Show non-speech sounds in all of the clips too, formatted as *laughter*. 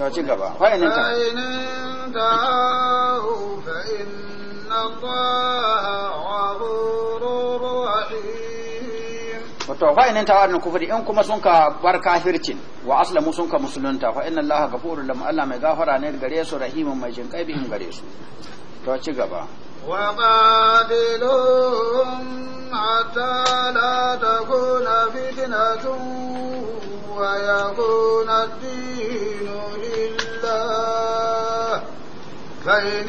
to ci gaba fa'in ta to fa inin tawarin kufri in kuma sun ka bar kafircin wa aslamu sun ka musulunta fa inna allaha ghafurur lam allah mai gafara ne gare su rahimun mai jin kai bihim gare su to ci gaba wa qadiluhum hatta la takuna fitnatun wa yakuna ad فإن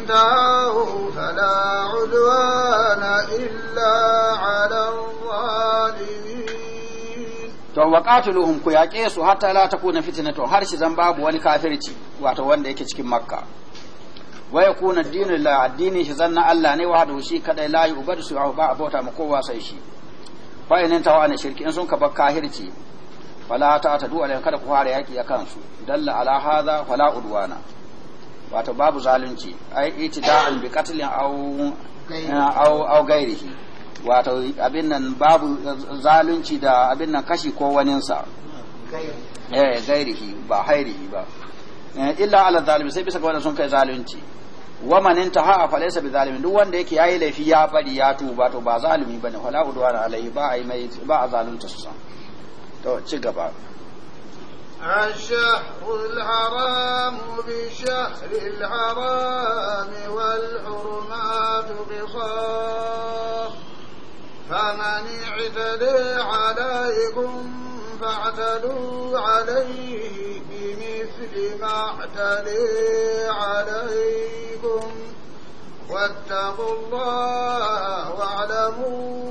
انتهوا فلا عدوان إلا على الظالمين to wa qatiluhum ku yaƙe su hatta la takuna fitnatu har shi zan babu wani kafirci wato wanda yake cikin makka wa yakuna ad-dinu lillahi ad shi zanna Allah ne wahdahu shi kadai la yubadu su ba abota ma ko sai shi fa in tawa ana shirki in sun ka bar kafirci fala ta ta du'a kada ku fara yaki akan su dalla ala hadha fala udwana wato babu zalunci ai itida'an bi qatlin aw aw gairihi wato abin nan babu zalunci da abin nan kashi ko waninsa eh gairihi ba hairihi ba eh, illa ala zalimi sai bisa ga wannan sun kai zalunci wa man intaha fa laysa bi zalimin duk wanda yake yayi laifi ya bari ya tuba to ba zalimi bane wala udwana alaihi ba ai mai ba a zalunta su san to ci gaba الشهر الحرام بشهر الحرام والحرمات بصاح فمن اعتدى عليكم فاعتدوا عليه بمثل ما اعتدي عليكم واتقوا الله واعلموا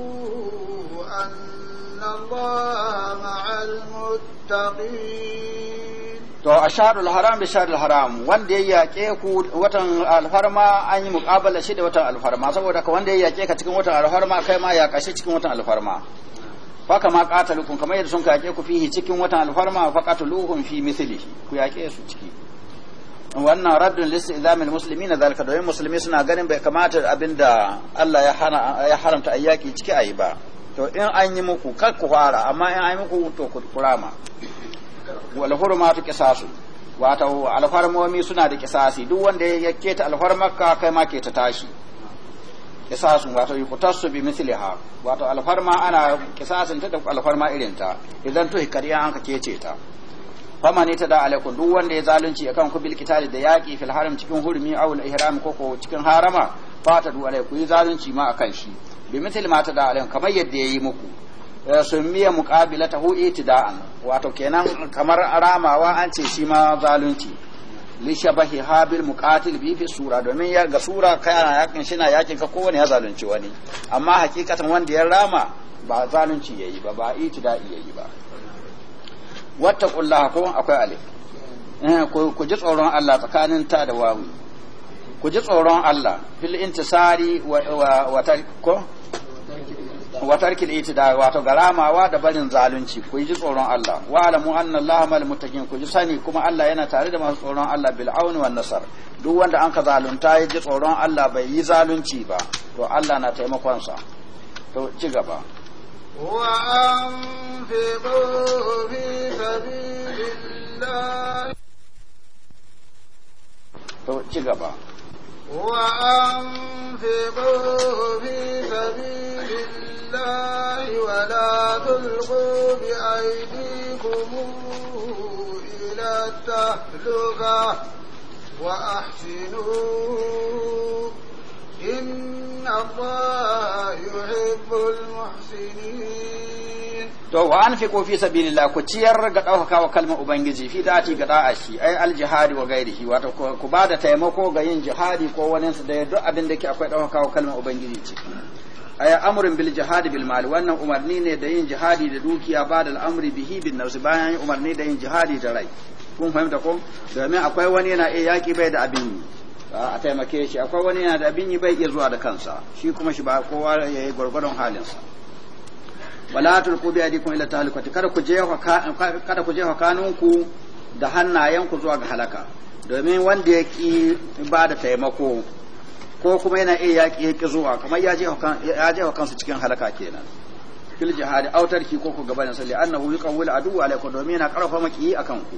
أن الله مع المتقين to a sharul haram bi sharul haram wanda ya yake ku watan alfarma an yi muqabala shi da watan alfarma saboda ka wanda ya yake ka cikin watan alfarma kai ma ya kashe cikin watan alfarma fa kama qatalukum kamar yadda sun ka yake ku fihi cikin watan alfarma fa qatuluhum fi mithlihi ku yake su ciki wannan raddun lis izamil muslimina zalika domin musulmi suna ganin bai kamata abinda Allah ya hana ya haramta ayyaki ciki ayi ba to in an yi muku kar ku fara amma in an yi muku to ku kurama wal ta qisasu wato alfarmomi suna da kisasi duk wanda ya keta alfarmarka kai ma keta tashi kisasun wato yuqtasu bi ha wato alfarma ana kisasin ta da alfarma irin ta idan to hikariya an ka kece ta fama ne ta da alaikum duk wanda ya zalunci akan ku bil kitali da yaqi fil haram cikin hurmi aw al ihram ko ko cikin harama fata du alaikum yi zalunci ma akan shi bi mithl ma ta da alaikum kamar yadda yayi muku summiya muqabilatahu itida'an wato kenan kamar ramawa an ce shi ma zalunci li shabahi habil muqatil bi fi sura domin ya ga sura kana yakin shi na yakin ka kowane ya zalunci wani amma hakikatan wanda ya rama ba zalunci yayi ba ba itida'i yayi ba wattaqullaha ko akwai alif eh, ku ji tsoron Allah tsakanin ta da wawi ku ji tsoron Allah fil intisari wa wa ko wa tarkil itida wato garamawa da barin zalunci ku ji tsoron Allah wa alamu anna Allah mal muttaqin ku ji sani kuma Allah yana tare da masu tsoron Allah bil auni wan nasar duk wanda an ka zalunta ya ji tsoron Allah bai yi zalunci ba to Allah na taimakon sa to ci gaba wa anfiqu fi sabilillah to ci gaba wa fi الله ولا تلقوا بأيديكم إلى التهلكة وأحسنوا إن الله يحب المحسنين to wa anfiqu fi sabilillah ku ciyar ga ɗaukaka wa kalmar ubangiji fi dati ga da'a shi ai al jihadi wa gairihi wato ku bada taimako ga yin jihadi ko wani da duk abin da ke akwai ɗaukaka wa kalmar ubangiji aya amrun bil jihad bil mal wannan umarni ne da yin jihadi da dukiya ba da al'amri bihi bin nausi bayan umarni da yin jihadi da rai kun fahimta ko domin akwai wani yana iya yaki bai da abin yi a taimake shi akwai wani yana da abin yi bai iya zuwa da kansa shi kuma shi ba kowa ya yi gwargwaron halinsa wala tulqu bi adikum ila talikati kada ku ka kada ku jefa kanunku da hannayenku zuwa ga halaka domin wanda ya ki ba da taimako ko kuma yana iya yaƙi ya ƙi zuwa kamar ya je wa kansu cikin halaka kenan fil jihadi autarki ko ku gaban salli annahu adu wa alaikum domin yana karfafa maki akan ku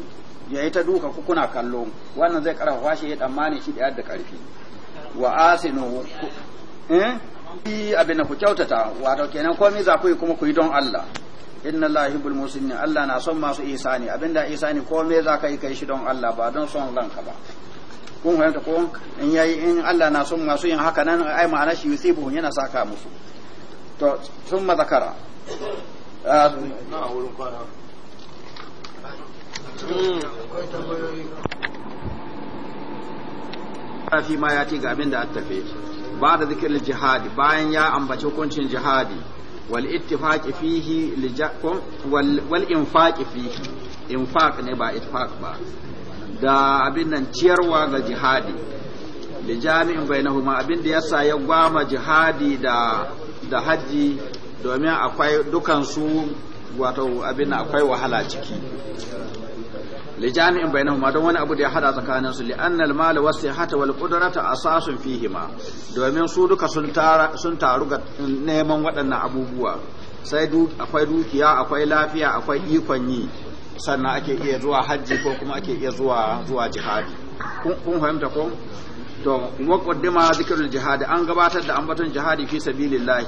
ya ta duka ku kuna kallo wannan zai karfafa shi ya tsammani shi da yadda karfi wa asinu eh abin ku kyautata wato kenan komai za ku yi kuma ku yi don Allah inna Allah yuhibbul muslimin Allah na son masu ihsani abinda ihsani komai za ka yi kai shi don Allah ba don son ranka ba kun fahimta ko in yayi in Allah na son masu yin haka nan ai ma'ana shi yusibuhum yana saka musu to sun ma zakara ah, fi ma ya ga abin da aka tafe ba da zikirin jihadi bayan ya ambaci hukuncin jihadi wal ittifaqi fihi wal infaqi fihi infaq ne ba ittifaq ba da abin nan ciyarwa ga jihadi da jami'in bainahuma abin da yasa ya gwama jihadi da da haji domin akwai dukansu wato abin akwai wahala ciki lijami'in bainahuma don wani abu da ya hada tsakanin su li'anna al-mal wa sihhata wal qudrata asasun fihima domin su duka sun tara sun taru ga neman waɗannan abubuwa sai akwai dukiya akwai lafiya akwai ikon yi sannan ake iya zuwa hajji ko kuma ake iya zuwa zuwa jihadi kun fahimta ko to muqaddima zikrul jihadi an gabatar da ambaton jihadi fi sabilillahi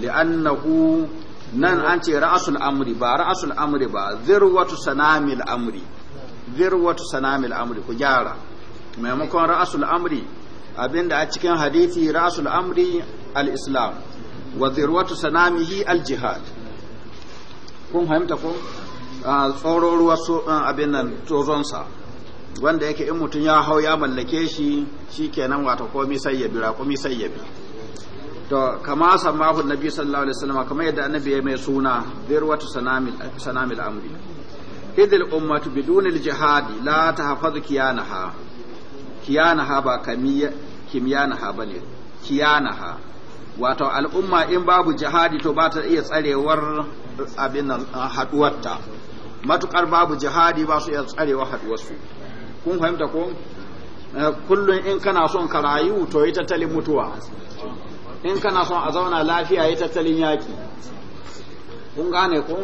li'annahu nan an ce ra'asul amri ba ra'asul amri ba zirwatu sanamil amri zirwatu sanamil amri ku gyara maimakon ra'asul amri abinda a cikin hadisi ra'asul amri al-islam wa zirwatu sanamihi al-jihad kun fahimta ko tsoron ruwa abin nan tozonsa wanda yake in mutum ya hau ya mallake shi shi kenan wata komi sai ya bi raƙumi sai ya bi to kama samahu nabi sallallahu alaihi wasallam kamar yadda annabi ya mai suna dirwatu sanamil sanamil amri idil ummatu bidunil jihad la tahfaz kiyanaha kiyanaha ba kamiya kimyanaha bane kiyanaha wato al'umma in babu jihadi to ba ta iya tsarewar abin haduwarta matukar babu jihadi ba su iya tsarewa haduwarsu kun fahimta ko eh, kullum in kana son ka rayu to yi tattalin mutuwa in kana son a zauna lafiya yi tattalin yaki kun gane ko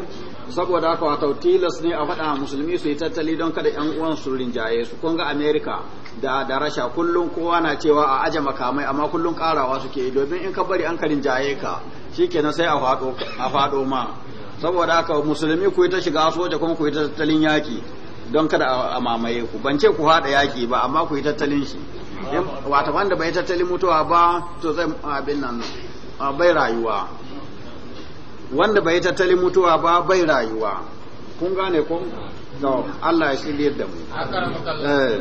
saboda haka wato tilas ne a faɗa musulmi su yi tattali don kada yan uwan su rinjaye su kun ga america da da rasha kullum kowa na cewa a aje makamai amma kullum karawa suke yi domin in ka bari an ka rinjaye ka shikenan sai a faɗo ma saboda haka musulmi ku yi ta shiga soja kuma ku yi tattalin yaki don kada a mamaye ku ban ce ku haɗa yaki ba amma ku yi tattalin shi wata wanda bai tattalin mutuwa ba to zai abin nan bai rayuwa wanda bai tattalin mutuwa ba bai rayuwa kun gane ko no Allah ya shirye da mu eh,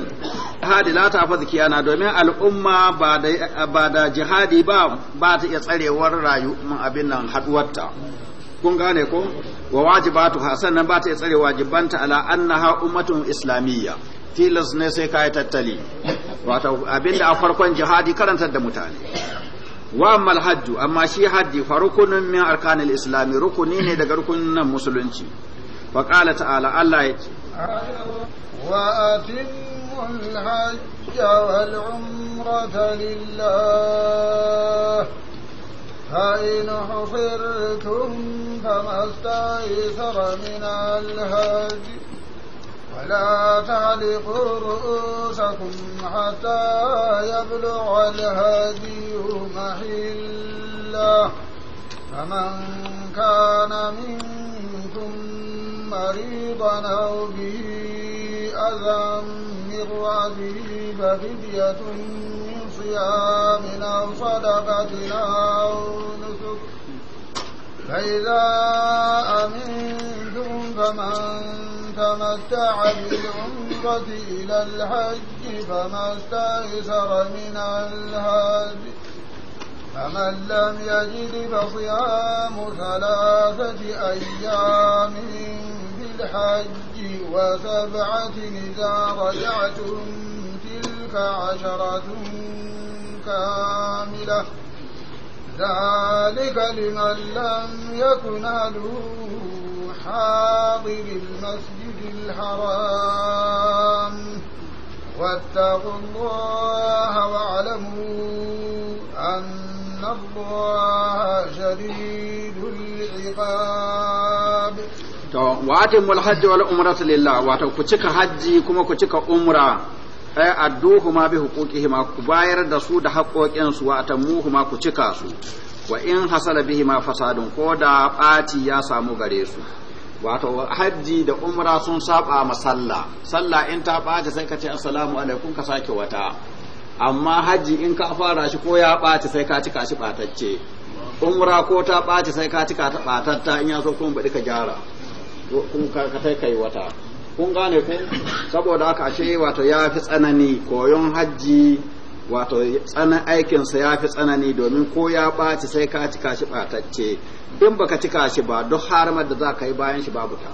hadi la ta fa na domin al'umma ba da ba da jihadi ba ba ta iya tsarewar rayu abin nan haduwarta kun gane ko wa wajibatu sannan ba ta yi tsare wajibanta ala annaha ummatun islamiyya tilas ne sai kai tattali wato abinda a farkon jihadi karantar da mutane wa amal amma shi haddi fa rukunin min arkanil islami rukuni ne daga rukunin musulunci wa qala ta'ala Allah ya ce wa atimmu alhajja wal umrata lillah فإن حصرتم فما استيسر من الهدي ولا تعلقوا رؤوسكم حتى يبلغ الهدي محله فمن كان منكم مريضا أو به أذى من ربيب فدية من صيام أو صدقتنا أو نسك فإذا أمنتم فمن تمتع بالعمرة إلى الحج فما استيسر من الهدي فمن لم يجد فصيام ثلاثة أيام بالحج وسبعة إذا رجعتم تلك عشرة كاملة ذلك لمن لم يكن أهله حاضر المسجد الحرام واتقوا الله واعلموا أن الله شديد العقاب to wa atimul hajji wal umrata lillah wato ku cika hajji kuma ku cika umra ay adduhuma bi huquqihima ku bayar da su da haƙoƙin su wa tammuhuma ku cika su wa in hasala bihima fasadun ko da ɓaci ya samu gare su wato hajji da umra sun saba ma sallah sallah in ta ɓaci sai ka ce assalamu alaikum ka sake wata amma hajji in ka fara shi ko ya ɓaci sai ka cika shi ɓatacce umra ko ta ɓaci sai ka cika ta ɓatatta in ya so kuma baɗi ka gyara kuma ka kai wata kun gane ko saboda haka ashe wato ya fi tsanani koyon hajji wato tsanan aikinsa ya fi tsanani domin ko ya ɓaci sai ka cika shi ɓatacce in baka cika shi ba duk haramar da za ka yi bayan shi babu ta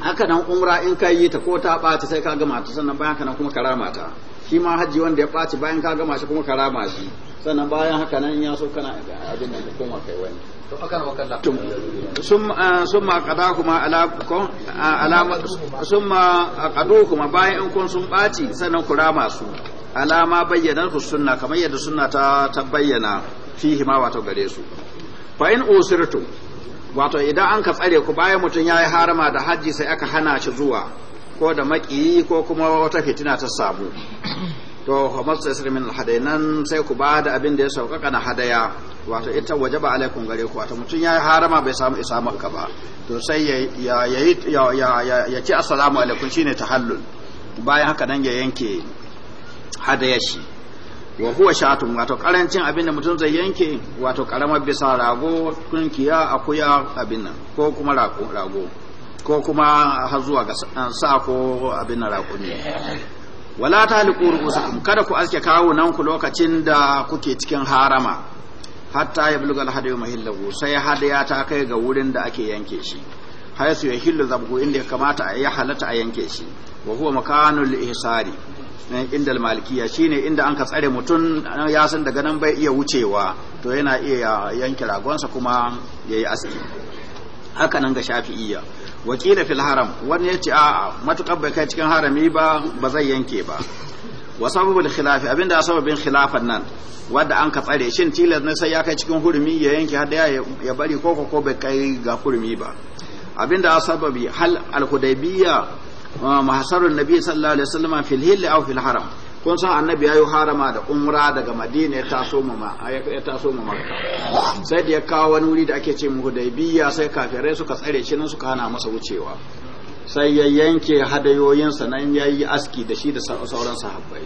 haka nan umra in ka yi ta ko ta ɓaci sai ka gama ta sannan bayan ka nan kuma karama ta shi ma hajji wanda ya ɓaci bayan ka gama shi kuma karama shi sannan bayan haka nan ya so kana abin da koma kai wani to wa summa summa kuma ala ala summa aqadu bayan in kun sun baci sannan ku rama su alama bayyana ku sunna kamar yadda sunna ta tabbayyana fihi ma wato gare su fa in usirtu wato idan an ka tsare ku bayan mutun yayi harama da haji sai aka hana shi zuwa ko da maki ko kuma wata fitina ta samu to hamas isri min hadainan sai ku ba da abin da ya sauƙaƙa na hadaya wato ita waje ba alaikun gare ku wato mutum ya harama bai samu isa maka ba to sai ya ya ci assalamu alaikum shine tahallul bayan haka nan ya yanke hadaya shi wa huwa shatun wato karancin abin da mutum zai yanke wato karamar bisa rago tunkiya akuya abin nan ko kuma rago ko kuma har zuwa ga sa ko abin rako ne wala tahliqu ru'usakum kada ku aske kawo nan ku lokacin da kuke cikin harama hatta ya bulga alhadayu mahillahu sai hadaya ta kai ga wurin da ake yanke shi haisu ya hillu zabgu inda ya kamata a yi halatta a yanke shi wa huwa makanul ihsari eh, inda malikiya shine inda an ka tsare mutum eh, ya san daga nan bai iya wucewa to yana iya yanke ragonsa kuma yayi aski haka nan ga shafi'iyya wakila fil haram wani ya a a'a matukar bai kai cikin harami ba ba zai yanke ba wa sababul khilaf abinda sababin khilafan nan wanda an ka tsare shin tilas ne sai ya kai cikin hurumi ya yanke har ya bari koko ko bai kai ga hurumi ba abinda sababi hal al-hudaybiyya mahsarun nabi sallallahu alaihi wasallam fil hill aw fil haram kun san annabi ya yi harama da umra daga madina ya taso mu maka sai da ya kawo wani wuri da ake ce mu biya sai kafirai suka tsare shi nan suka hana masa wucewa sai ya yanke hadayoyinsa nan ya yi aski da shi da sauran sahabbai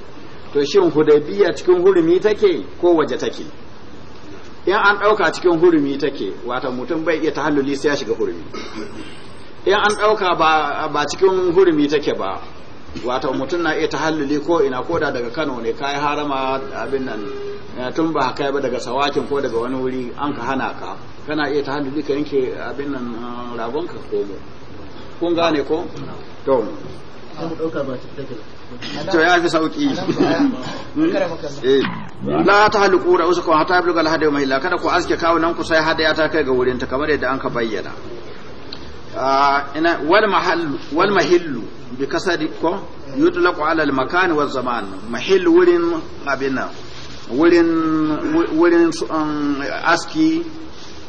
to shin hudaybiya cikin hurumi take ko waje take in an ɗauka cikin hurumi take wata mutum bai iya tahalluli sai ya shiga hurumi in an ɗauka ba cikin hurumi take ba wato mutum na iya tahalluli ko ina ko da daga Kano ne kayi harama abin nan eh, tun ba ka ba daga sawakin ko daga wani wuri an ka hana ka kana iya tahalluli ka yanke abin nan eh, ragon ka mu kun gane ko to to ya fi sauki *laughs* eh. la ta haluku da wasu hata ya bulga alhadi mai kada ku aske kawo nan ku sai hada ya ta kai ga wurin ta kamar yadda an ka bayyana ah, wal mahallu wal mahillu bi kasari ko yutlaqu ala al makan wa zaman mahil wurin abina wurin wurin um, aski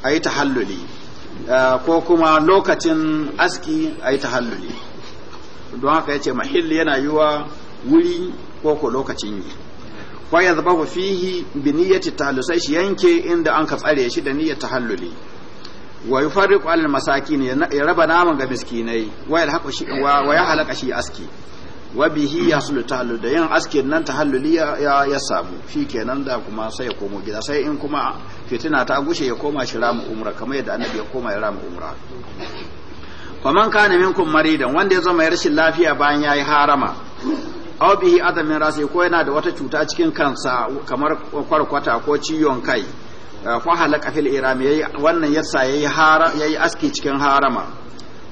ayi tahalluli ah, ko kuma lokacin aski ayi tahalluli don haka yace mahil yana yiwa wuri ko ko lokacin yi wa yadhbahu fihi bi niyyati talusai shi yanke inda an ka tsare shi da niyyar tahalluli wa yufarriqu al masakin ya raba naman ga miskinai wa yalhaqu shi wa yahlaka shi aski wa bihi yaslu talu da yin aski nan tahalluli ya ya samu kenan da kuma sai ya komo gida sai in kuma fitina ta gushe ya koma shi ramu umra kamar yadda annabi ya koma ya ramu umra man kana minkum maridan wanda ya zama rashin lafiya bayan yayi harama aw bihi adamin rasi ko yana da wata cuta cikin kansa kamar kwarkwata ko ciyon kai Eh, fa halaka fil iram yayi wannan yasa yayi hara yayi aski cikin harama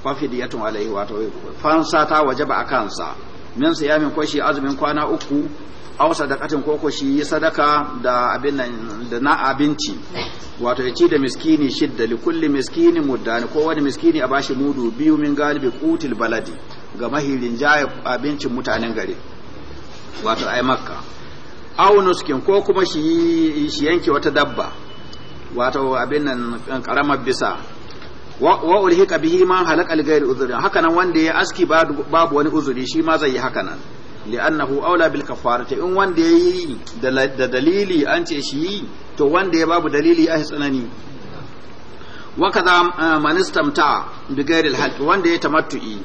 fa fidiyatun alaihi wato fansa ta wajaba akan sa min siyamin ko shi azumin kwana uku aw sadaqatin ko ko shi sadaka da abin nan da na abinci wato ya ci da miskini shidda li kulli miskini muddani ko wani miskini a bashi mudu biyu min galibi qutil baladi ga mahirin jaya abincin mutanen gari wato ai makka aw nuskin ko kuma shi yanke wata dabba wato abin nan eh, karamar bisa wa ulhika bihi ma halaka li ghairi uzuri haka nan wanda ya aski babu wani uzuri shi ma zai yi haka nan li'annahu aula bil kafarati in wanda yayi da dalili an ce shi to wanda ya babu dalili ai tsanani wa kaza eh, man istamta bi ghairi al wanda ya tamattu'i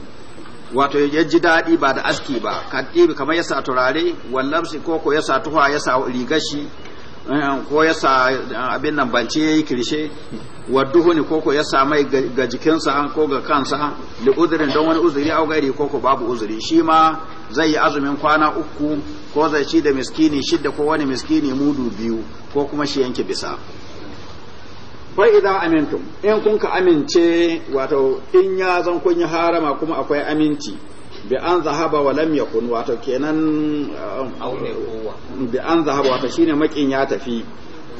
wato ya ji daɗi ba da aski ba kamar ya sa turare wallabsi koko ya sa tuha ya sa rigashi Eh, ko ya sa abin nan bance ya yi kirshe wadduhu ne koko ya sa mai ga jikinsa ko ga kansa da uzurin don wani uzuri au gairi koko babu uzuri shi ma zai yi azumin kwana uku ko zai ci da miskini shidda ko wani miskini mudu biyu ko kuma shi yanke bisa fa idza amintum in kun ka amince wato in ya zan kun yi harama kuma akwai aminci bi an zahaba wa lam yakun wato kenan uh, bi an zahaba wato shine makin ya tafi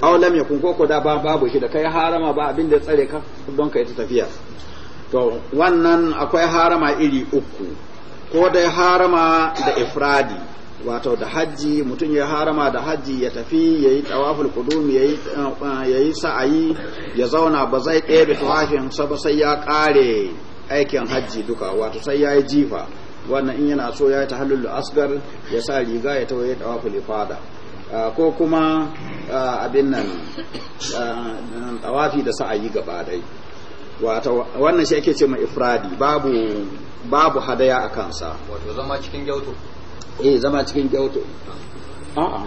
aw lam yakun ko ko da babu shi da kai harama ba abin da tsare ka don kai ta tafiya to wannan akwai harama iri uku ko dai harama da ifradi wato da hajji mutum ya harama da hajji ya tafi ya yi tawaful kudum uh, ya yi sa'ayi ya zauna ba zai ɗebe tawafin sa ba sai ya ƙare aikin hajji duka wato sai ya yi jifa wannan in yana so ya yi tahallul asgar ya sa riga ya tawaye tawaful ifada ah, ko kuma ah, abin nan tawafi ah, da sa'ayi gaba dai wato wannan shi ake ce mai ifradi babu babu hadaya a kansa wato zama cikin gyauto eh zama cikin gyauto a'a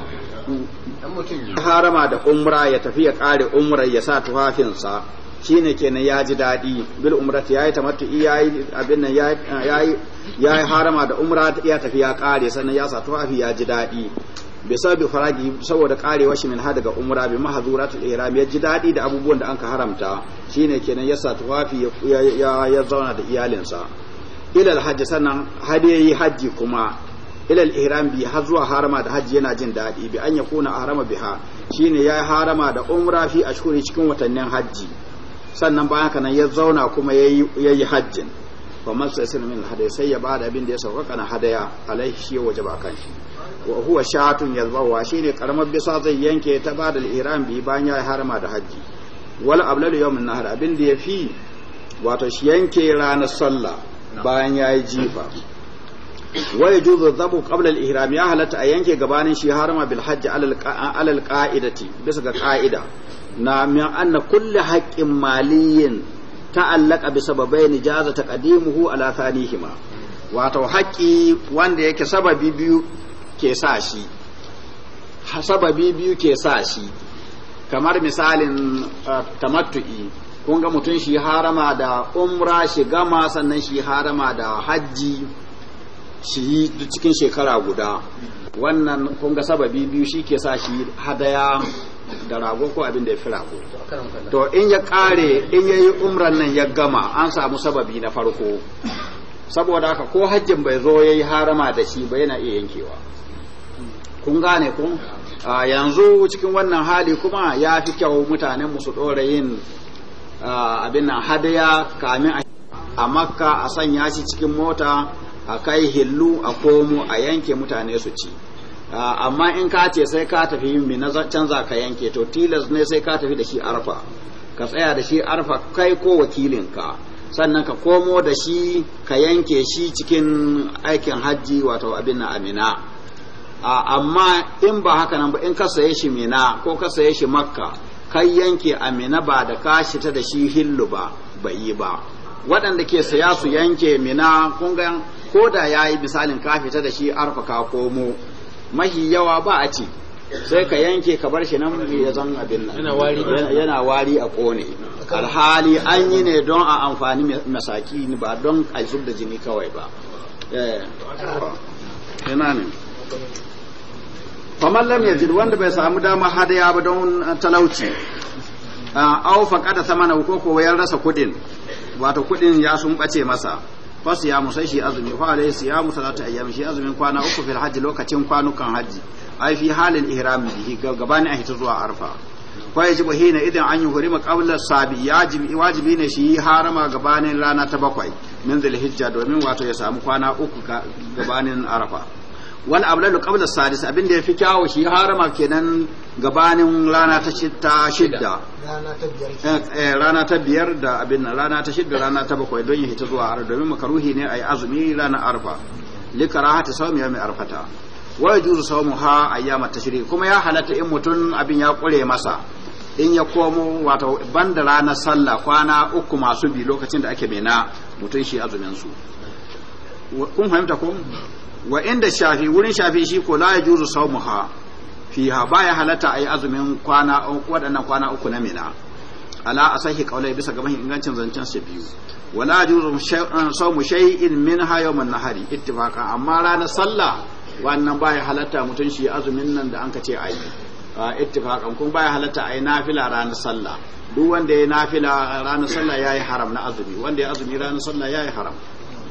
dan mutum harama da umra ya tafi ya kare umrar ya sa tufafinsa shine kenan ya ji daɗi bil umrati yayi tamattu'i yi abin nan ya yi harama da umra ya tafi ya kare sannan ya sa tufafi ya ji daɗi bi sababi faragi saboda karewa shi min daga umra bi mahzuratul ihram ya ji daɗi da abubuwan da anka haramta shi kenan ya sa tufafi ya zauna da iyalinsa ilal hajji sannan hajji kuma ilal ihram bi har zuwa harama da hajji yana jin daɗi bi an ya kuna harama biha shine ya harama da umra fi ashhuri cikin watannin hajji sannan bayan haka nan ya zauna kuma ya yi hajjin fa masa sai min hadaya sai ya bada abin da ya sauka na hadaya alaihi shi waje ba kan shi wa huwa shatun yadhawa shine karamar bisa zai yanke ta bada al-ihram bi bayan ya harama da haji wal ablal yawmin nahar abin da yafi wato shi yanke ranar sallah bayan ya yi jifa wa yajuzu dhabu qabla al-ihram ya halatta a yanke gabanin shi harama bil hajji alal qa'idati bisa ga qa'ida na min anna kulli haqqin maliyin ta'allaka bi sababain jaza taqdimuhu ala thanihima wato haƙƙi wanda yake sababi biyu ke sa shi sababi biyu ke sa shi kamar misalin uh, tamattu'i kun ga mutum shi harama da umra shi gama sannan shi harama da hajji shi yi cikin shekara guda wannan kun ga sababi biyu shi ke sa shi hadaya da rago ko abin da ya fi rago to in ya kare in ya yi umran nan ya gama an samu sababi na farko saboda haka ko hajjin bai zo ya yi harama da shi ba yana iya yankewa kun gane kun yanzu cikin wannan hali kuma ya fi kyau mutanen musu ɗora yin abin nan hadaya kamin a makka a sanya shi cikin mota a kai hillu a komo a yanke mutane su ci Ah, amma in ka ce sai ka tafi yin na canza ka yanke to tilas ne sai ka tafi da shi arfa ka tsaya da shi arfa kai ko wakilinka sannan ka komo da shi ka yanke shi cikin aikin hajji wato abin amina ah, amma in ba haka nan ba in ka saye shi mina ko ka saye shi makka kai yanke amina ba da ka shita da shi hillu ba bai yi ba waɗanda ke saya su yanke mina kun ko da ya yi misalin ka fita da shi arfa ka komo mahi yawa ba a ci sai ka yanke ka bar shi nan ya zan abin nan yana wari a kone alhali an yi ne don a amfani masaki ba don a zub da jini kawai ba yana eh. ne faman lam yajid wanda bai samu dama hadaya ba don talauci ah, au faqada samana ko ko ya rasa kudin wato kudin ya sun bace masa fa siyamu sai shi azumi fa alai siyamu talata ayyam shi azumin kwana uku fil hajji lokacin kwanukan hajji ai fi halin ihram bihi gabanin an hita zuwa arfa fa yajibu hina idan an yi hurima qabla sabi yajib wajibi ne shi harama gabanin rana ta bakwai min dhul hijja domin wato ya samu kwana uku gabanin arfa wal ablalu qabla sadis abinda yafi kyawu shi harama kenan gabanin rana ta ta shidda rana ta biyar eh, eh, da abin rana ta shidda rana ta bakwai don ya hita zuwa arfa domin makaruhi ne ayi azumi rana arfa likarahati sawmi yawmi arfata wa yajuzu sawmuha ayyamat tashrik kuma ya halatta in mutun abin ya kure masa in ya komo wato banda ranar sallah kwana uku masu bi lokacin da ake mena mutum shi azumin su kun fahimta ko wa inda shafi wurin shafi shi ko la yajuzu sawmuha fiha baya halatta ay azumin kwana waɗannan kwana uku na mina ala asahi qaulai bisa ga mahin ingancin zancen sa biyu wala yajuzu eh, sawmu shay'in minha yawman nahari ittifaqan amma ranar sallah wannan baya halatta mutun shi azumin nan da anka ce ayi ittifaqan kun baya halatta ayi nafila ranar sallah duk wanda ya nafila ranar sallah yayi haram na azumi wanda ya azumi ranar sallah yayi haram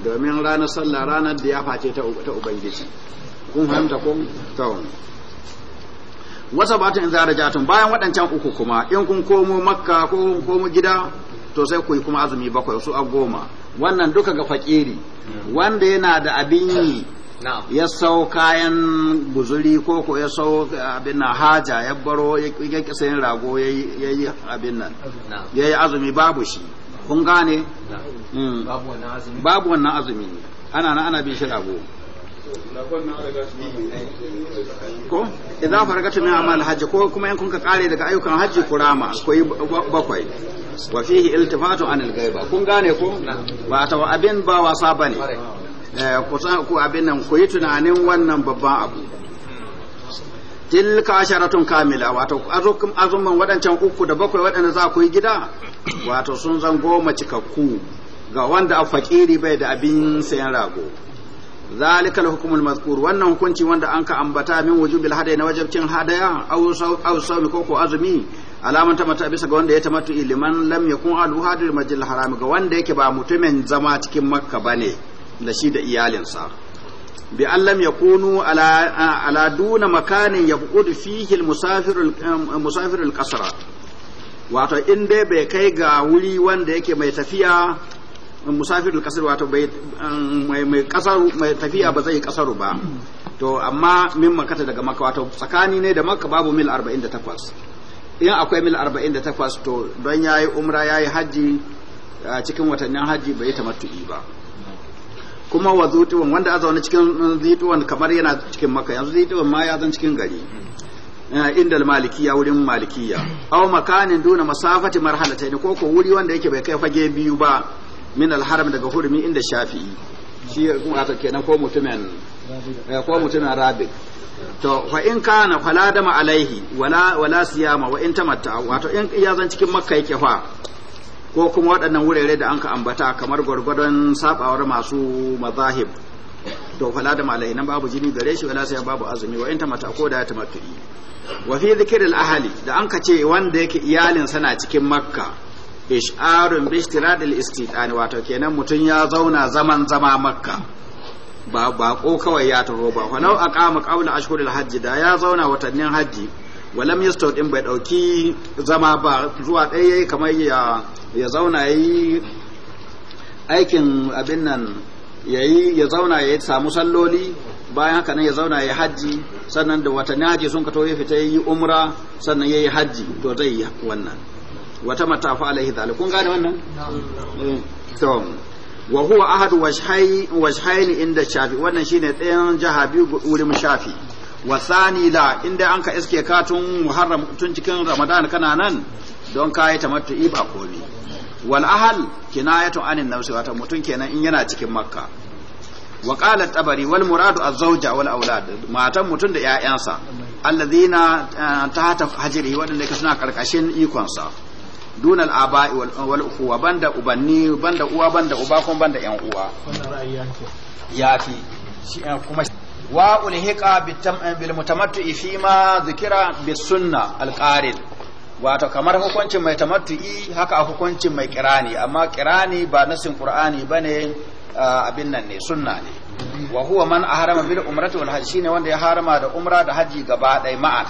domin ranar sallah ranar da ya face ta ubangiji kun fahimta kun to wasa ta in zara jatun bayan waɗancan uku kuma in kun komo makka ko kun komo gida to sai ku yi kuma azumi bakwai su a goma wannan duka ga fakiri wanda yana da abin yi ya sau kayan guzuri ko ko ya sau abin na haja ya baro ya kisa yin rago ya yi abin nan ya yi azumi babu shi kun gane hmm. babu wannan azumi ana na ana bin shi ko idan faragatu min amal hajji ko kuma in kun ka kare daga ayyukan hajji kurama koyi bakwai wa fihi iltifatu anil ghaiba kun gane ko ba ta abin ba wasa bane eh, ku abin nan yi tunanin wannan babban abu tilka asharatun kamila wato azumin wadancan uku da bakwai wadanda za ku yi gida wato sun zan goma cikakku ga wanda a fakiri bai da abin sayan rago zalika hukumul mazkur wannan hukunci wanda an ka ambata min wujubil hadai na wajibcin hadaya aw saw ko ko azumi alaman mata bisa ga wanda ya tamattu iliman lam yakun al hadir majil haram ga wanda yake ba mutumin zama cikin makka bane da shi da iyalinsa bi allam yakunu ala ala duna makanin yaqud fihi al-musafir al um, wato in dai bai kai ga wuri wanda yake mai tafiya musafirul kasar wato bai um, mai kasar mai tafiya ba zai kasaru ba to amma min makata daga makka wato tsakani ne da makka babu mil 48 in akwai mil 48 to don yayi umra yayi haji cikin watannin haji bai tamattu'i ba kuma wa zutuwan wanda a zaune cikin uh, zutuwan kamar yana cikin maka yanzu zutuwan ma ya zan cikin gari uh, indal malikiya wurin malikiya aw makanin duna masafati marhalatayn ko ko wuri wanda yake bai kai fage biyu ba min alharam daga hurmi inda shafi'i shi kuma aka kenan ko mutumin uh, ko mutumin rabik to fa in kana fala dama alaihi wala wala siyama wa in tamatta wato in ya zan cikin makka yake fa ko kuma waɗannan wurare da an ka ambata kamar gwargwadon sabawar masu mazahib to fala da malai nan babu jini gare shi wala sai babu azumi wa inta mata ko da ta matu'i wa fi dhikril ahli da an ka ce wanda yake iyalin na cikin makka isharun bi istiradil istidani wato kenan mutun ya zauna zaman zama makka ba ko kawai ya taho ba fa nau aqama qawla ashhuril hajj da ya zauna watannin hajji walam din bai dauki zama ba zuwa ɗaya yayi kamar ya ya zauna ya yi aikin abin nan ya zauna ya samu salloli bayan haka nan ya zauna ya hajji sannan da watanni hajji sun kato ya fita ya yi umra sannan ya yi hajji to zai yi wannan wata matafa alaihi zalik kun gane wannan eh, to wa huwa ahad wajhayn inda shafi wannan shine tsayin jaha biyu wurin shafi wa thani la inda an ka iske katun muharram tun cikin ramadan kana nan don kai tamattu ba komai wal ahal kinayatu anin nafsi wata mutun kenan in yana cikin makka wa qala tabari wal muradu az-zawja wal aulad matan mutum da ƴaƴansa alladhina eh, tahta hajrihi wadanda suna karkashin ikonsa sa dun al-aba'i wal ukhuwa banda ubanni banda uwa banda uba kuma banda ƴan uwa yafi eh, kuma wa ulhiqa eh, bil mutamattu fi ma dhikira bis sunna al-qarid wato kamar hukuncin mai tamattu'i haka a hukuncin mai kirani amma kirani ba nasin qur'ani bane abin nan ne sunna ne wa huwa man ahrama bil umrati wal hajji ne wanda ya harama da umra da haji gaba ɗaya ma'an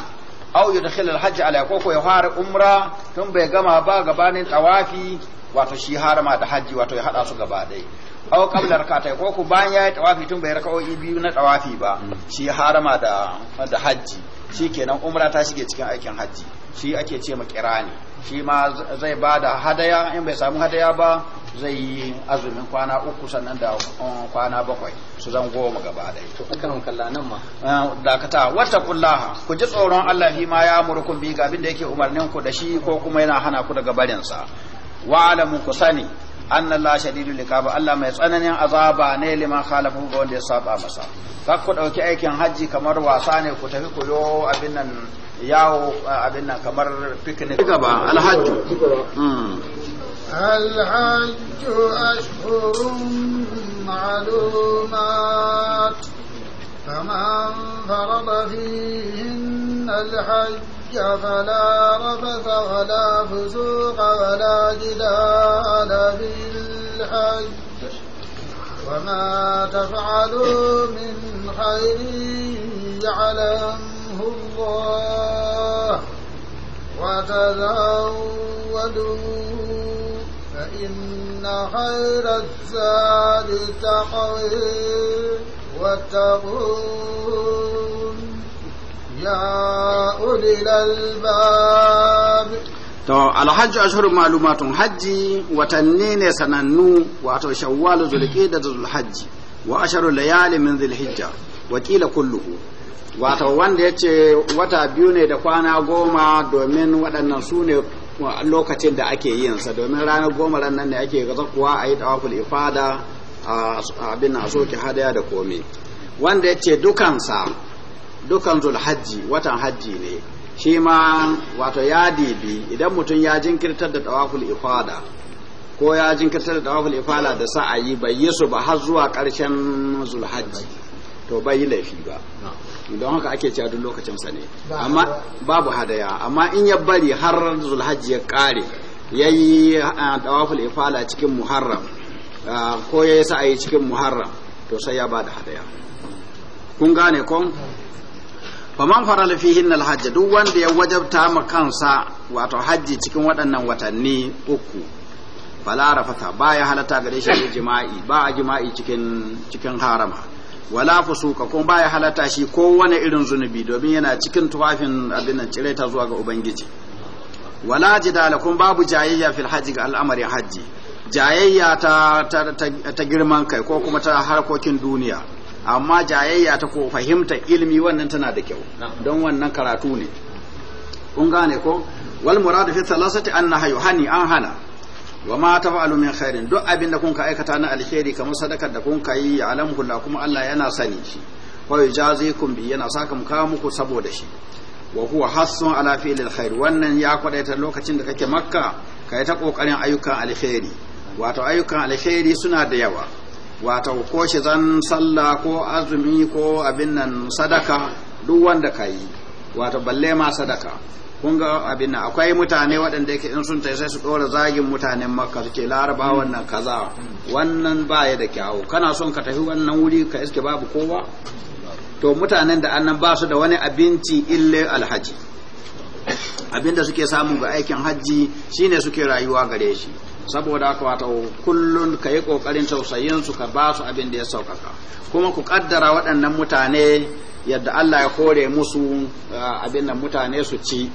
aw yudkhil al hajj ala koko ya fara umra tun bai gama ba gabanin tawafi wato shi harama da haji wato ya hada su gaba ɗaya aw qabla rak'atay koko bayan ya yi tawafi tun bai rak'o'i biyu na tawafi ba mm. shi harama da da haji kenan umra ta shige cikin aikin haji shi ake ce makirani shi ma zai ba da hadaya in bai samu hadaya ba zai yi azumin kwana uku sannan da um, kwana bakwai su zan goma gaba ɗaya to kalla nan ma uh, dakata wata kullaha ku ji tsoron Allah fi ma ya murkun bi ga abin da yake umarnin ku da shi ko kuma yana hana ku daga barin sa wa alamu ku sani an Allah shadidul liqab Allah mai tsananin azaba ne liman khalafahu ga wanda ya saba masa Za ku dauki aikin hajji kamar wasa ne ku tafi ku yo abin nan yawo abin nan kamar picnic gaba فمن فرض فيهن الحج فلا رفث ولا فسوق ولا جدال الحي وما تفعلوا من خير يعلمه الله وتزودوا فإن خير الزاد التقوي واتقون يا أولي الألباب to Alhaji ashhurun malumatun hajji watanni ne sanannu wato shawwal zulqa'da da zulhajji wa asharu layali min zulhijja wa kila kulluhu wato wanda yace wata biyu ne da kwana goma domin waɗannan su ne lokacin da ake yin sa domin ranar goma ranar nan ne ake zakuwa a yi tawaful ifada abin a ki hadaya da komi. wanda yace dukansa dukan zulhajji watan hajji ne shi ma wato ya dibi idan mutum ya jinkirtar da tawaful ifada ko ya jinkirtar da tawaful ifada da sa'ayi bai yi su ba har zuwa ƙarshen zulhaji to bai yi laifi ba don haka ake cewa duk lokacin sa ne amma babu hadaya amma in ya bari har zulhaji ya kare yi ah, tawaful ifada cikin muharram ah, ko ya yi sa'ayi cikin muharram to sai ya bada hadaya kun gane kon faman farala fihin alhajj duk wanda ya wajabta ma kansa wato hajji cikin waɗannan watanni uku fala rafata ya halata gare shi jima'i ba a jima'i cikin cikin harama wala fusuka kuma ya halata shi ko wani irin zunubi domin yana cikin tufafin abin nan ta zuwa ga ubangiji wala jidala kuma babu jayayya fil hajji ga al'amari hajji jayayya ta ta girman kai ko kuma ta harkokin duniya amma jayayya ta ko fahimta ilmi wannan tana da kyau don wannan karatu ne kun gane ko wal muradu fi thalathati annaha yuhani an hana wa ma tafa'alu min khairin duk abin da kun aikata na alheri kamar sadakar da kun yi ya alamu kuma Allah yana sani shi wa yujazikum bi yana saka muka muku saboda shi wa huwa hassun ala fi'lil khair wannan ya kwadaita lokacin da kake makka kai ta kokarin ayyukan alheri wato ayyukan alheri suna da yawa wato ko shi zan sallah ko azumi ko abin nan sadaka duk wanda ka yi wata balle ma sadaka kun ga abin nan akwai mutane waɗanda yake in sun sai su ɗora zagin mutanen makka suke laraba wannan kaza wannan baya da kyawu kana son ka tafi wannan wuri ka iske babu kowa to mutanen da annan ba su da wani abinci ille alhaji abinda suke samu ga aikin hajji shine suke rayuwa gare shi saboda haka wato kullun ka yi ƙoƙarin tausayin su ka ba su abin da ya sauƙaƙa kuma ku ƙaddara waɗannan mutane yadda Allah ya kore musu ah, abin nan mutane su ci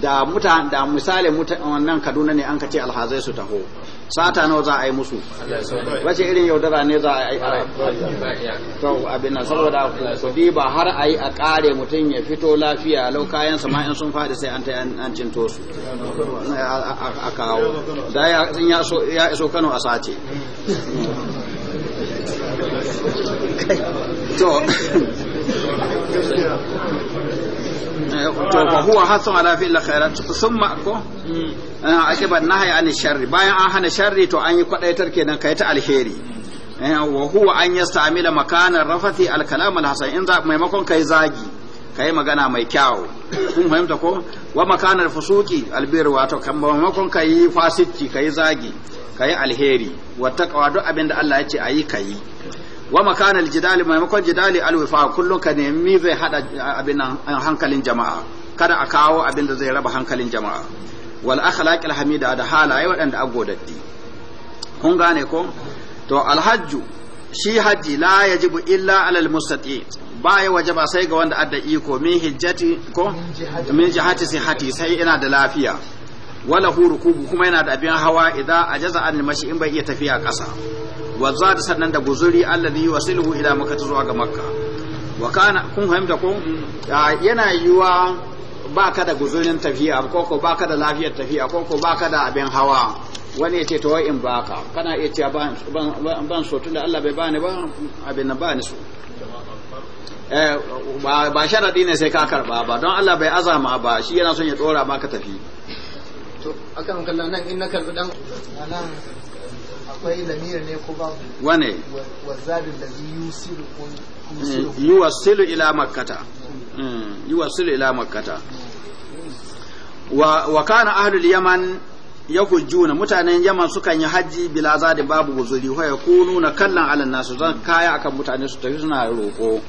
da mutan da misali wannan Kaduna ne an ka ce alhazai su taho sata nawa za a yi musu wace irin yaudara ne za a yi a to abin nan saboda ku ba har a yi a kare mutum ya fito lafiya lau kayan sama in sun fadi sai an ta an cinto su a kawo da ya iso kano a sace to to fa huwa hasan ala fi fi'l khairat thumma ko na haya an sharri bayan an hana sharri to an yi kwadaitar kenan kai ta alheri eh, wa huwa an yasta'mila makanan rafati alkalam alhasan in maimakon kai zagi kai magana mai kyau kun fahimta ko wa makanar fusuki albir wato kan maimakon kai fasici kai zagi kai alheri wa taqwa duk abin da Allah ya ce ayi kai wa makanar jidali maimakon jidali alwifa kullun ka nemi zai hada abin hankalin jama'a kada a kawo abin da zai raba hankalin jama'a wal akhlaqil hamida da halaye waɗanda agodaddi kun gane ko to alhajju shi haji la yajibu illa alal mustati ba ya wajaba sai ga wanda adda iko min hijjati ko min jihati sihati sai ina da lafiya wala hu rukubu kuma yana da abin hawa idza ajaza an mashi in bai iya tafiya ƙasa wa zad sannan da guzuri alladhi yusiluhu ila makkah zuwa ga makka wa kana kun fahimta ko yana yiwa ba ka da guzurin tafiya ko ko ba ka da lafiyar tafiya ko ko ba ka da abin hawa wani ya ce to in ba ka kana iya ce ban so tunda Allah bai bani ba abin na bani so eh, ba sharadi ne sai ka karba ba don Allah bai azama ba shi yana son ya tsora ma ka tafi to akan kallon nan in na karbi dan akwai lamir ne ko babu wane wazadin da yusilu yusiru hmm, ila makkata hmm, yusiru ila makkata wa kana ahlul yaman yahujjuna mutanen yaman sukan yi hajji bila zadi babu guzuri kunu na kallan ala nasu zan kaya akan mutane su tafi suna roko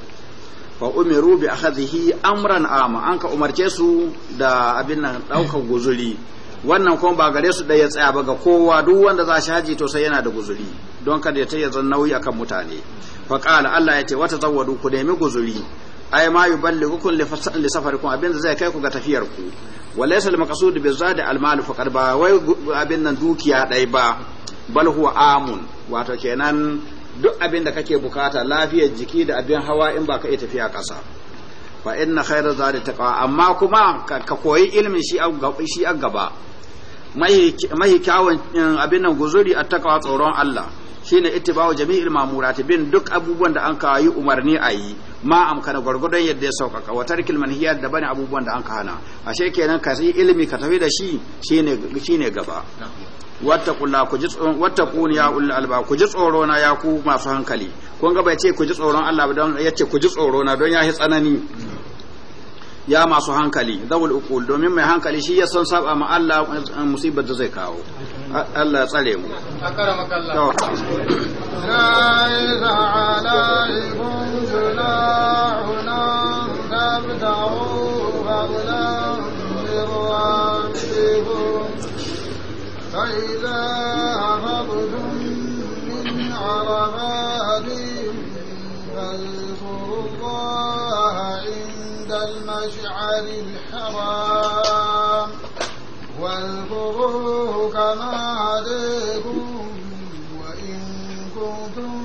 fa umiru bi akhadhihi amran ama an ka umarce su da abin nan daukar guzuri wannan kuma ba gare su ya tsaya ba ga kowa duk wanda za shi haji to sai yana da guzuri don kada ya ta nauyi akan mutane fa qala Allah ya ce wata zawwadu ku nemi guzuri ay ma yuballighukum li safarikum abinda zai kai ku ga tafiyar ku walaysa al maqsud bi zadi al mal faqad ba wai abin nan dukiya dai ba bal huwa amun wato kenan duk abinda kake bukata lafiyar jiki da abin hawa in ba ka yi tafiya kasa fa inna khayra zadi taqwa amma kuma ka koyi ilmin shi shi a gaba mai kyawun abin nan guzuri a takawa tsoron Allah shine ittiba'u jami'il mamurat bin duk abubuwan da an ka yi umarni a yi ma amkana gwargwadon yadda ya sauƙaƙa wa tarkil manhiyat da bane abubuwan da an ka hana ashe kenan ka sai ilimi ka tafi da shi shine shine gaba wattaqulla ku ji wattaqun ya ulul alba ku ji tsoro na ya ku masu hankali kun ga bai ce ku tsoron Allah ba don yace ku ji na don ya yi tsanani ya masu hankali zawul uqul domin mai hankali shi ya san saba ma Allah musibar da zai kawo Allah tsare mu ليس عليكم جناح أن تبتغوا فضلا من ربكم فإذا أفضتم من عرفات فاذكروا الله عند المشعر الحرام واذكروه كما هديكم وإن كنتم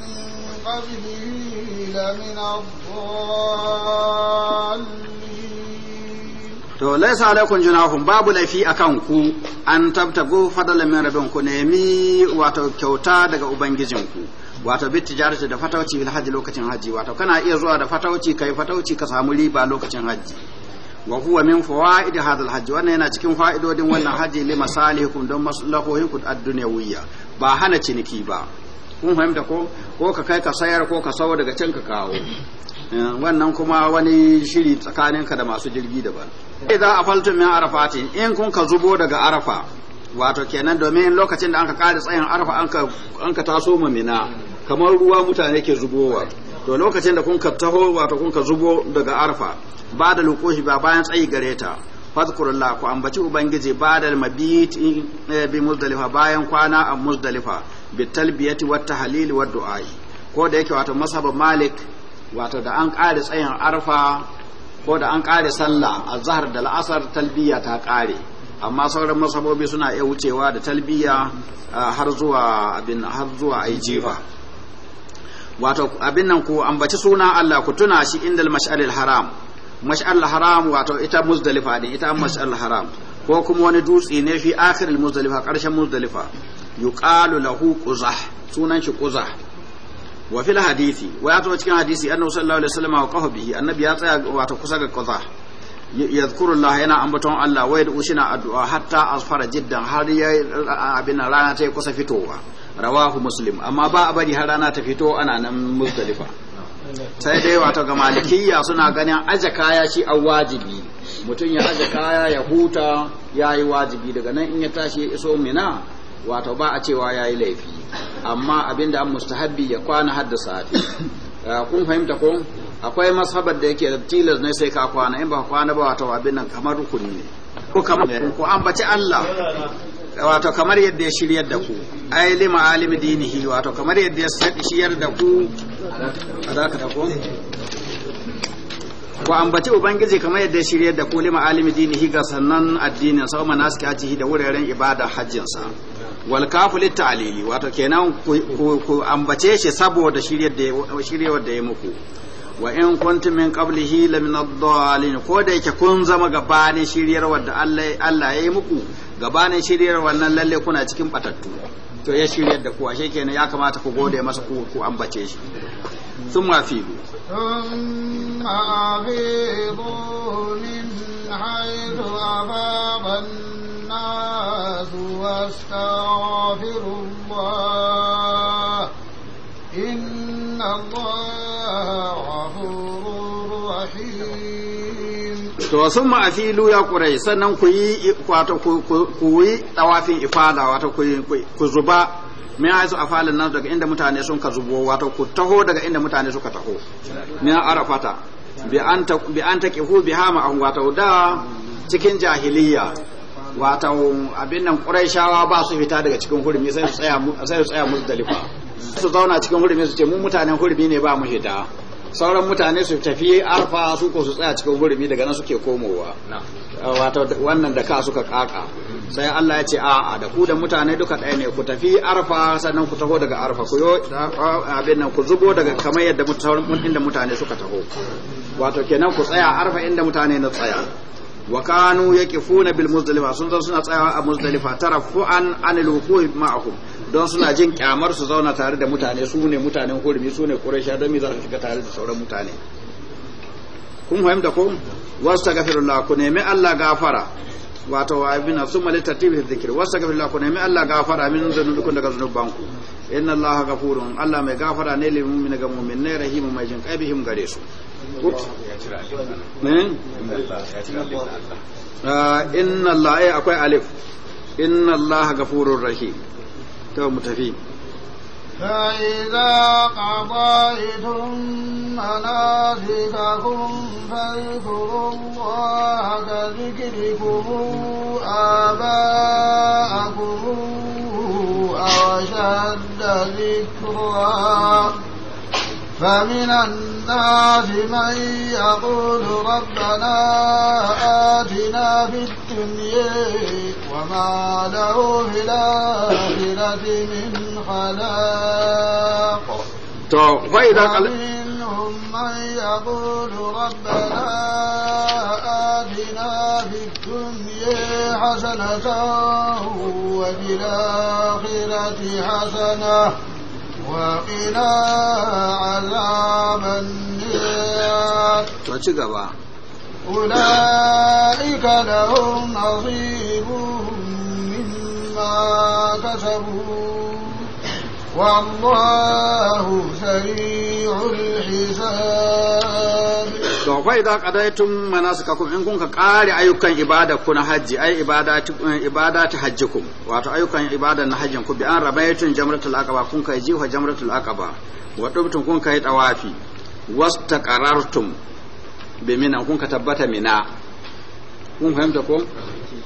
من قبله لمن الضالين to laisa babu laifi akan ku an tabtago fadalan min rabin ku nemi wato kyauta daga ubangijinku wato bi tijarata da fatauci bil haji lokacin haji wato kana iya zuwa da fatauci kai fatauci ka samu riba lokacin haji wa huwa min fawaid hadha alhajj wannan yana cikin fa'idodin wannan haji li masalihukum don ku ad-dunyawiyya ba hana ciniki ba kun fahimta ko ko ka kai ka sayar ko ka sawo daga can ka kawo eh, wannan kuma wani shiri tsakaninka da masu jirgi daban idza afaltum min arafat in kun ka zubo daga arafa wato kenan domin lokacin da an ka kare tsayin arafa an ka taso mamina kamar ruwa mutane ke zubowa to lokacin da kun ka taho wato kun ka zubo daga arfa ba da lukuhi ba bayan tsayi gare ta fadkurullah ku ambaci ubangiji ba da mabit eh, bi muzdalifa bayan kwana a muzdalifa bi talbiyati wa tahlili wa du'ai ko da yake wato masaba malik wato da an kare tsayin arfa ko da an kare sallah azhar da la'asar talbiya ta kare amma sauran masabobi suna iya wucewa da talbiya ah, har zuwa abin har zuwa jifa wato abin nan ku ambaci suna Allah ku tuna shi indal mash'alil haram mashalil haram wato ita muzdalifa din ita mash'al haram ko kuma wani dutse ne fi akhiril muzdalifa karshen muzdalifa yuqalu lahu quzah sunan shi quzah wa fil hadisi wa yato cikin hadisi annabi sallallahu alaihi wasallam wa qahu annabi ya tsaya wato kusa ga quzah yadhkuru Allah yana ambaton Allah wa yad'u shina addu'a hatta asfara jiddan har ya abin rana ta kusa fitowa rawahu muslim amma ba a bari har rana ta fito ana nan muzdalifa sai dai wato ga malikiyya suna ganin aje kaya shi a wajibi mutum ya aje kaya ya huta ya yi wajibi daga nan in ya tashi ya iso mina wato ba a cewa ya yi laifi amma abinda an mustahabbi ya kwana hadda sati *coughs* ah, kun fahimta ko akwai mashabar da yake tilas ne sai ka kwana in ba kwana ba wato abin nan kamar rukuni ko kamar ko bace Allah wato kamar yadda ya shiryar da ku ai lima alimi dinihi wato kamar yadda ya shiryar da ku a za ka tako ku ambaci ubangiji kamar yadda ya shiryar da ku lima alimi dinihi ga sannan addinin sau ma nasu ajihi da wuraren ibada hajjinsa wal kafu ta'alili wato kenan ku ambace shi saboda shiryar da ya muku wa in kuntum min qablihi lamin ad-dallin ko da yake kun zama gabanin shiryar wadda Allah Allah ya yi muku gabanin shiryar wannan lalle kuna cikin batattu to ya shiryar da kuwa shi kenan ya kamata ku gode masa ku ku ambace shi sun ma fi du to sun afilu ya kurai sannan ku yi wato ku yi tawafin ifada wato ku zuba min haisu afalin nan daga inda mutane sun ka zubo wato ku taho daga inda mutane suka taho min arafata bi an ta bi an taqihu biha ma wato da cikin jahiliya wato abin nan quraishawa ba su fita daga cikin hurmi sai su tsaya sai su tsaya muzdalifa su zauna cikin hurmi su ce mu mutanen hurmi ne ba mu hita sauran mutane su tafi arfa su ko su tsaya cikin gurbi daga nan suke komowa wato wannan da ka suka kaka sai Allah ya ce a'a da ku da mutane duka ɗaya ne ku tafi arfa sannan ku taho daga arfa ku yo abin nan ku zubo daga kamar yadda inda mutane suka taho wato kenan ku tsaya arfa inda mutane na tsaya wa kanu yaqifuna bil muzdalifa sun zo suna tsayawa a muzdalifa tarafu'an anil wuquf ma'akum don suna jin kyamar su zauna tare da mutane su ne mutanen hurmi su ne quraisha don mi za su shiga tare da sauran mutane kun fahimta ko wastaghfirullah ku nemi Allah gafara wato wa abina wasu ta dhikr wastaghfirullah ku nemi Allah gafara min zanubikum daga banku. inna Allah ghafurun Allah mai gafara ne lil mu'mina ga ne rahimu mai jin kabihim gare su ah, inna Allah eh, akwai alif inna Allah ghafurur rahim to mu tafi فإذا قضيتم مناسككم فاذكروا الله كذكركم آباءكم أو أشد ذكرا فمن الناس من يقول ربنا آتنا في الدنيا وما له في الآخرة من خلاق ومنهم من يقول ربنا آتنا في الدنيا حسنة وفي الآخرة حسنة وقنا عذاب النار وشكبا أولئك لهم نصيب مما كسبوا والله سريع الحساب to fa idza qadaytum manasikakum in kun ka kare ayyukan ibada ku na haji ai ibadati ibadati hajjikum wato ayyukan ibada na hajjin ku bi an rabaytum jamratul aqaba kun kai jiwa jamratul aqaba wa dubtum kun kai tawafi wastaqarartum bi mina kun ka tabbata mina kun fahimta ko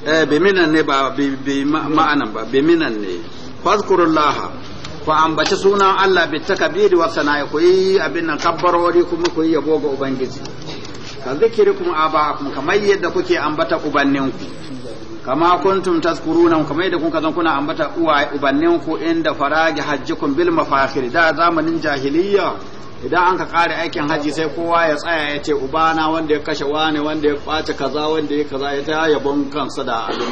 eh bi mina ne ba bi ma'anan ba bi mina ne fadhkurullaha ku bace sunan Allah bi takabiri wa sana'i ku yi abin nan kabbarori kuma ku yi yabo ga ubangiji ka zikirikum aba'akum kamar yadda kuke ambata ubanninku kama kuntum tazkuruna kamar yadda kuka zan kuna ambata uwa ubanninku inda faragi hajjikum bil mafakhir da zamanin jahiliya idan an ka kare aikin haji sai kowa ya tsaya ya ce ubana wanda ya kashe wani wanda ya kwace kaza wanda ya kaza ya ta yabon kansa da abin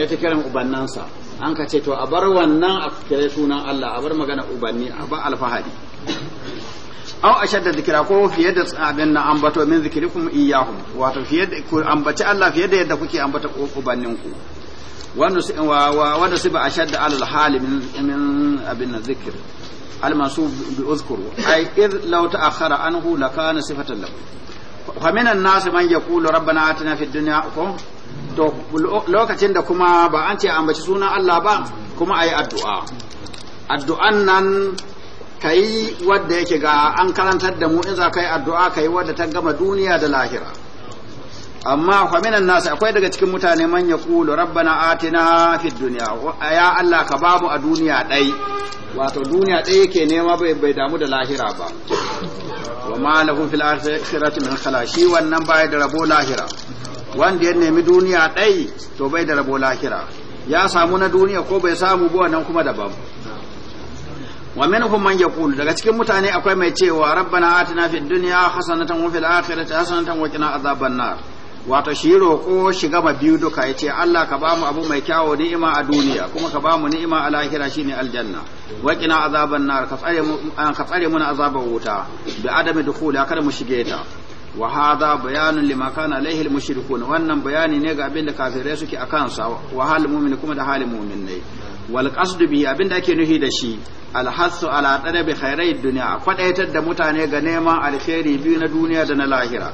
ya ta kiran ubannansa an ka ce to a bar wannan a kire sunan Allah a bar magana ubanni a ba alfahari aw ashadda dhikra ko fiye da abin na ambato min zikrikum iyyahum wato fiye da ku ambaci Allah fiye da yadda kuke ambata ubannin ku wanda su ba ashadda alal hali min abin na zikr al mansub bi uzkur ay id law ta'akhkhara anhu lakana sifatan lahu fa minan nas man yaqulu rabbana atina fid dunya ko to lokacin da kuma ba an ce ambaci sunan Allah ba kuma ayi addu'a addu'an nan ka yi wadda yake ga an karantar da mu in za ka yi addu'a ka wadda ta gama duniya da lahira amma kwaminan nasu akwai daga cikin mutane man ya kulu rabbana atina fi duniya ya Allah ka babu a duniya ɗai wato duniya ɗai yake nema bai damu da lahira ba wa ma fil akhirati min khalashi wannan bai da rabo lahira wanda ya nemi duniya ɗai to bai da rabo lahira ya samu na duniya ko bai samu ba wannan kuma daban wa minhum man yaqulu daga cikin mutane akwai mai cewa rabbana atina fid dunya hasanatan wa fil akhirati hasanatan wa qina azaban nar wato shi roƙo shi gama biyu duka yace Allah ka bamu abu mai kyawo ni'ima a duniya kuma ka bamu ni'ima a lahira shine aljanna wa qina azaban nar ka tsare mu an ka tsare azaban wuta bi adami dukhuli kada mu shige ta wa hadha bayanun lima kana alaihi almushrikun wannan bayani ne ga abin da kafirai suke akan sa wa mu'min kuma da halin mu'min ne wal qasdu bi abinda ake nuhi da shi al hasu ala bi khairai dunya da mutane ga neman alheri biyu na duniya da na lahira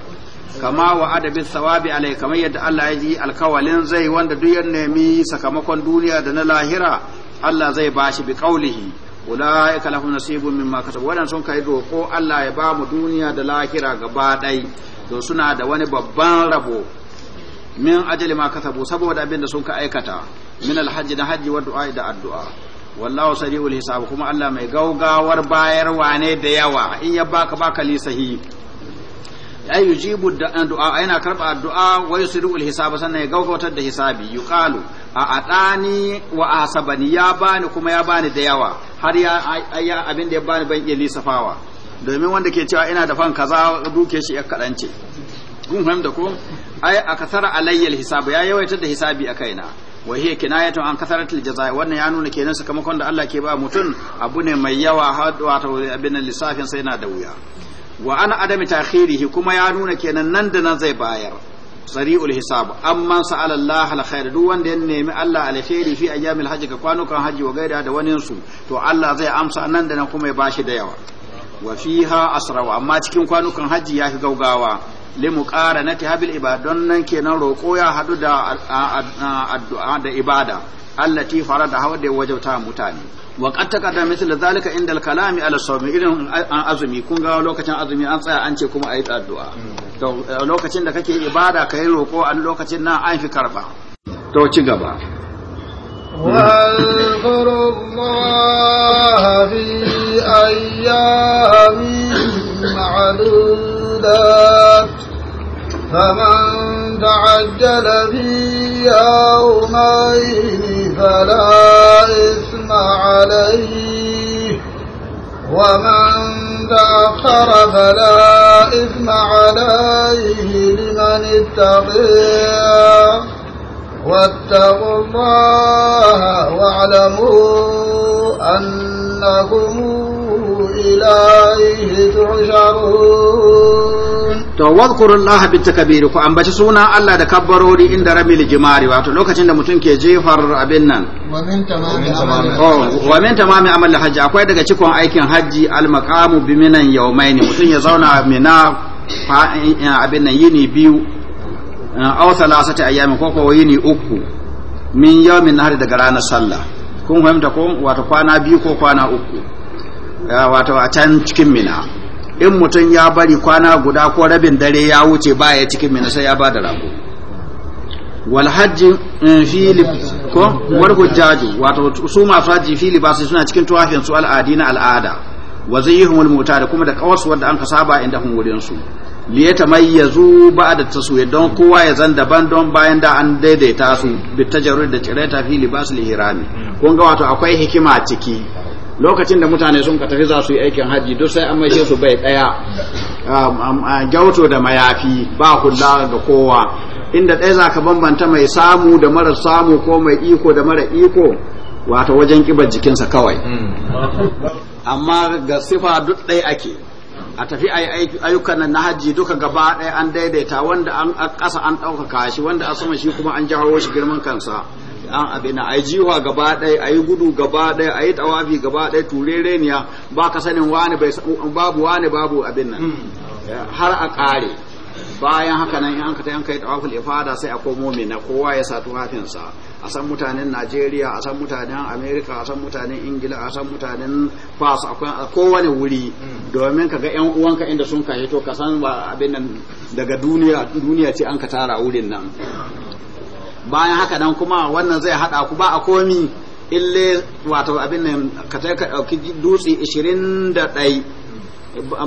kama wa adabi sawabi alai kamar yadda Allah ya ji alkawalin zai wanda duk ya nemi sakamakon duniya da na lahira Allah zai ba shi bi qaulihi ulaika lahum nasibun mimma kasabu wadan sun kai doko Allah ya ba mu duniya da lahira gaba dai to suna da wani babban rabo min ajali ma kasabu saboda abinda da sun ka aikata min alhaji na haji wa du'a da addu'a wallahu sari'ul hisab kuma Allah mai gaugawar bayar ne da yawa in ya baka baka li sahi ay yujibu yana karba addu'a wa yusri'ul hisab sannan ya gaugawatar da hisabi yuqalu a atani wa asabani ya bani kuma ya bani da yawa har ya abin da ya bani ban iya lisafawa domin wanda ke cewa ina da fan kaza duke shi ya kadance kun fahimta ko ai akasara alayyal hisab ya yawaita da hisabi a kaina wa hiya kinayatun an kasaratil jazaa wannan ya nuna kenan sakamakon da Allah ke ba mutum abu ne mai yawa har wato abin lissafin sai yana da wuya wa ana adami takhirihi kuma ya nuna kenan nan da nan zai bayar sari'ul hisab an sa'ala Allah alkhair duk wanda ya nemi Allah alkhairi a ayyamil hajji ka kwanukan haji wa gaida da wani su to Allah zai amsa nan da nan kuma ya bashi da yawa Wafiha fiha amma cikin kwanukan hajji ya fi gaugawa ƙara na tihabil ibadon nan kenan roƙo ya haɗu da addu'a da ibada fara da hawa da wajauta mutane wa qad taqaddama mithla zalika inda kalami ala sawmi irin azumi kun ga lokacin azumi an tsaya an ce kuma ayi addu'a to eh, lokacin da kake ibada kai roƙo an lokacin nan an fi karba to ci gaba واذكروا الله في فمن تعجل في يومين فلا إثم عليه ومن تأخر فلا إثم عليه لمن اتقي واتقوا الله واعلموا أنكم إليه تحشرون to wadhkurullaha takbir ku ambaci suna Allah da kabbarori inda ramil jimari wato lokacin da mutum ke jefar abin nan wa min tamami amal oh, hajji akwai daga cikon aikin hajji al maqamu bi minan yawmaini mutum ya zauna mina fa eh, abin nan yini biyu eh, aw salasati ayyamin ko ko yini uku min yawmin nahar daga ranar sallah kun fahimta ko wato kwana biyu ko kwana uku eh, wato a can cikin mina in mutum ya bari kwana guda ko rabin dare ya wuce baya cikin mina sai ya ba da rago Walhaji eh, filip ko war hujjaju wato su masu hajji fi libasi suna cikin tuwafin su al'adi na al'ada wa zai zayyihumul mota da kuma da kawarsu wadda an ka saba inda hun wurin su mai ya da ta taswiya don kowa ya zan daban don bayan da an daidaita su bi jarur da ta fili ba su hirami kun ga wato akwai hikima ciki lokacin da mutane sun ka za su yi aikin hajji duk sai an maishe su bai daya um, um, gyauto da mayafi ba hula ga kowa inda ɗaya za ka bambanta mai samu da mara samu ko mai iko da mara iko wata wajen ƙibar jikinsa kawai amma ga sifa duk ɗaya ake a tafi ayyukan nan na hajji duka gaba ɗaya an daidaita wanda an ƙasa an ɗaukaka shi wanda a sama shi kuma an jawo shi girman kansa an abin a yi jiwa gaba ɗaya a yi gudu gaba ɗaya a yi tawafi gaba ɗaya turere niya ba ka sanin wani bai babu wani babu abin nan hmm. har a ƙare bayan haka nan in an ka ta yanka yi tawaful ifada sai a komo mina kowa ya sa tufafinsa a san mutanen najeriya a san mutanen amerika a san mutanen ingila a san mutanen fas a kowane wuri hmm. domin ka ga yan uwanka inda sun ka to ka san ba abin nan daga duniya duniya ce an ka tara wurin nan bayan haka nan kuma wannan zai hada ku ba a komi ille wato abin nan ka ta dauki dutse 21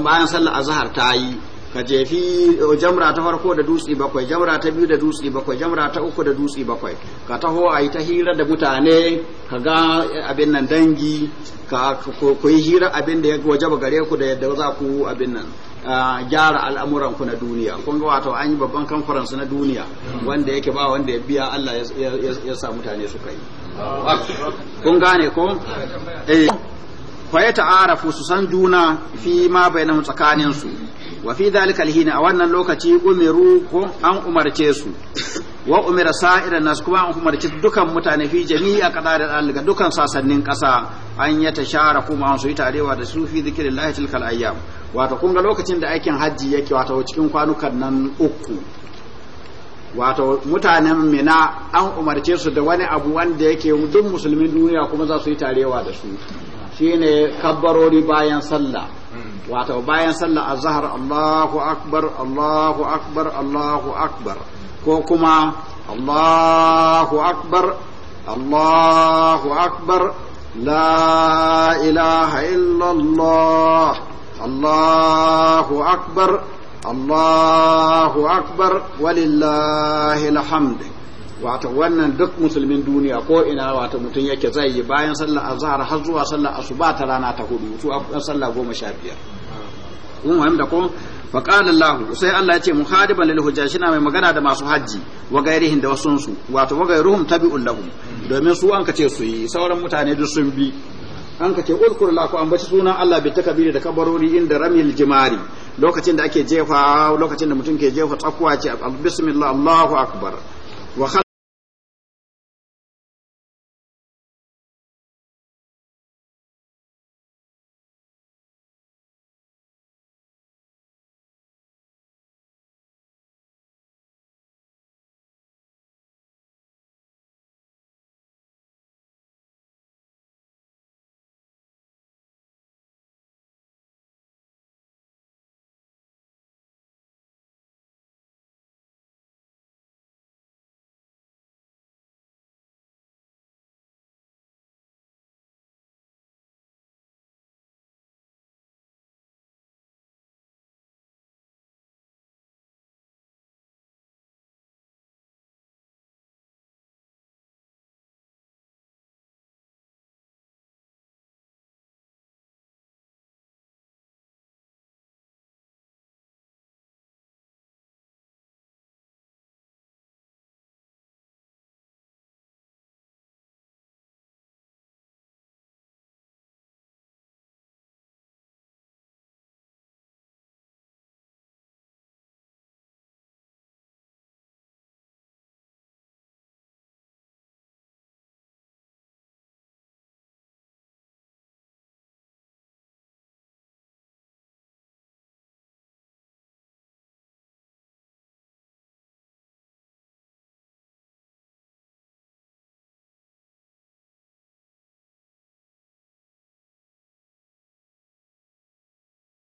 bayan sallar azhar ta yi ka jefi uh, jamra ta farko da dutse bakwai jamra ta biyu da dutse bakwai jamra ta uku da dutse bakwai ka taho a yi ta hira da mutane ka ga eh, abin nan dangi ka ku yi hira abin da ya wajaba gare ku da yadda za ku abin nan gyara al'amuran ku na duniya kun ga wato an yi babban conference na duniya wanda yake ba wanda ya biya Allah ya sa mutane su kai kun gane ko eh fa ya ta'arafu su san juna fi ma bainahum tsakanin su wa fi dalika alhina a wannan lokaci umiru ko an umarce su wa umira sa'ira nas kuma an umarci dukan mutane fi jami'a qadarin alga dukan sasannin kasa an yata shara kuma an su yi tarewa da su fi zikrillahi tilkal ayyam wato kun ga lokacin da aikin hajji yake wato cikin kwanukan nan uku wato mutanen mina an umarce su da wani abu wanda yake duk musulmin duniya kuma za su yi tarewa da su shine kabbarori bayan sallah wato bayan sallah azhar Allahu akbar Allahu akbar Allahu akbar ko kuma Allahu akbar Allahu akbar la ilaha illallah الله أكبر الله أكبر ولله الحمد wato wannan duk musulmin duniya ko ina wato mutum yake zai yi bayan sallar azhar har zuwa sallar asuba ta rana ta hudu su an sallah goma sha biyar kun wahim da kun fa qala Allah sai Allah ya ce muhadiban lil shi na mai magana da masu haji wa gairihin da wasun su wato wa gairuhum tabi'un lahum domin su an kace su yi sauran mutane duk sun bi an ka ce ulkur la ku ambaci sunan Allah bi takabiri da kabarori inda ramil jimari lokacin da ake jefa lokacin da mutum ke jefa tsakuwa ce bismillah Allahu akbar wa